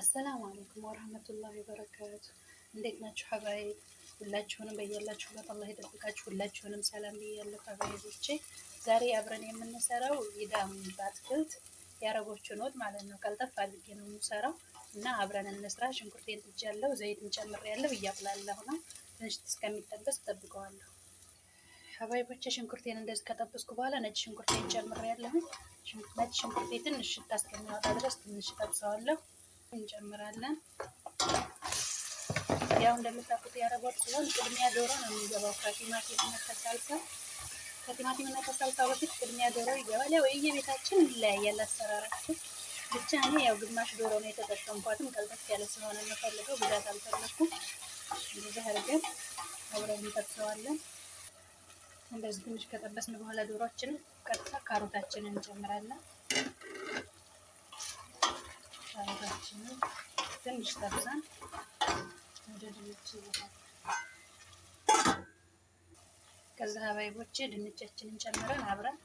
አሰላሙ አለይኩም ወራህመቱላሂ ወበረካቱ። እንዴት ናችሁ ሀባይ? ሁላችሁንም በያላችሁበት አላህ ይጠብቃችሁ። ሁላችሁንም ሰላም ብያለሁ ሀባይቦቼ። ዛሬ አብረን የምንሰራው ይዳም በአትክልት የአረቦችን ወጥ ማለት ነው። ቀልጠፍ አድርጌ ነው የምሰራው እና አብረን እንስራ። ሽንኩርቴን ጥጃለሁ፣ ዘይትን ጨምሬያለሁ፣ እያቁላለሁ ነው። ትንሽ እስከሚጠበስ እጠብቀዋለሁ። ሀባይቦቼ ሽንኩርቴን እንደዚህ ከጠበስኩ በኋላ ነጭ ሽንኩርቴን ጨምሬያለሁ። ነጭ ሽንኩርቴ ትንሽ ሽታ እስከሚያወጣ ድረስ ትንሽ እጠብሰዋለሁ። እንጨምራለን። ያው እንደምታውቁት የአረብ ሲሆን ቅድሚያ ዶሮ ነው የሚገባው ከቲማቲም እና ከሳልሳ ከቲማቲም እና ከሳልሳ በፊት ቅድሚያ ዶሮ ይገባል። ያው የቤታችን ይለያያል አሰራራችን። ብቻ እኔ ያው ግማሽ ዶሮ ነው የተጠቀምኳትም ቀልጠፍ ያለ ስለሆነ የምፈልገው ብዛት አልፈለኩም። እንደዚህ አድርገን አብረን እንጠብሰዋለን። እንደዚህ ትንሽ ከጠበስን በኋላ ዶሮችን ቀጥታ ካሮታችንን እንጨምራለን። ሻይታችንን ትንሽ ጠብሰን ወደ ድንች ይዘታል። ከዛ አባይቦቼ ድንቻችንን ጨምረን አብረን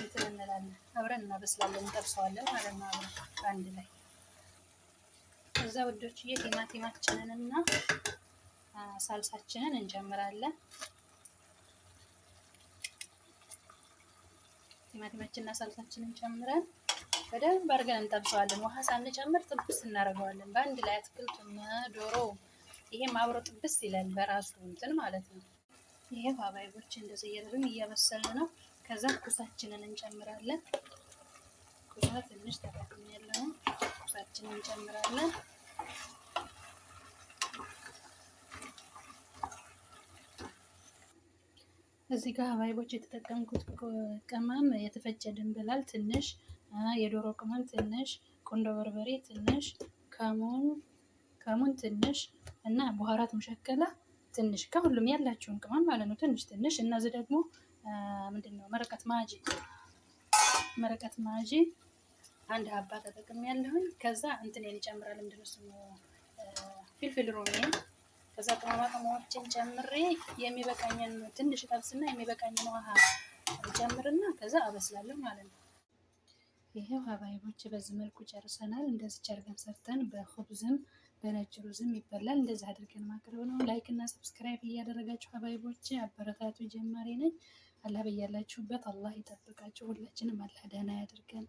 እንትን እንላለን፣ አብረን እናበስላለን፣ እንጠብሰዋለን ማለት ነው። አብረን በአንድ ላይ ከዛ ውዶችዬ ቲማቲማችንንና ሳልሳችንን እንጨምራለን። ቲማቲማችንና ሳልሳችንን ጨምረን በደንብ አድርገን እንጠብሰዋለን። ውሃ ሳንጨምር ጥብስ እናደርገዋለን። በአንድ ላይ አትክልቱም ዶሮ ይሄም አብሮ ጥብስ ይላል በራሱ እንትን ማለት ነው። ይሄ ባባይቦች እንደዚህ እያደረግን እያበሰለ ነው። ከዛ ኩሳችንን እንጨምራለን። ኩሳ ትንሽ ተጠቅም ያለው ኩሳችንን እንጨምራለን። እዚህ ጋር ባይቦች የተጠቀምኩት ቅመም የተፈጨ ድንብላል ትንሽ የዶሮ ቅመም ትንሽ፣ ቁንዶ በርበሬ ትንሽ፣ ከሙን ከሙን ትንሽ እና ቡሃራት መሸከላ ትንሽ ከሁሉም ያላችሁን ቅመም ማለት ነው። ትንሽ ትንሽ እና እዚህ ደግሞ ምንድን ነው መረቀት ማጂ መረቀት ማጂ አንድ ሀባ ተጠቅም ያለሁኝ። ከዛ እንትን ይጨምራል ምንድነው ስሙ ፊልፊል ሮሜ። ከዛ ቅመማ ቅመሞችን ጨምሬ የሚበቃኝን ትንሽ ጠብስና የሚበቃኝን ውሃ ጨምርና ከዛ አበስላለሁ ማለት ነው። ይሄው ሀባይቦች በዚህ መልኩ ጨርሰናል። እንደዚህ ጨርገን ሰርተን በኹብዝም በነጭ ሩዝም ይበላል። እንደዚህ አድርገን ማቅረብ ነው። ላይክ እና ሰብስክራይብ እያደረጋችሁ ሀባይቦች አበረታቱ። ጀማሪ ነኝ። አላህ በያላችሁበት አላህ ይጠብቃችሁ። ሁላችንም አላህ ደህና ያድርገን።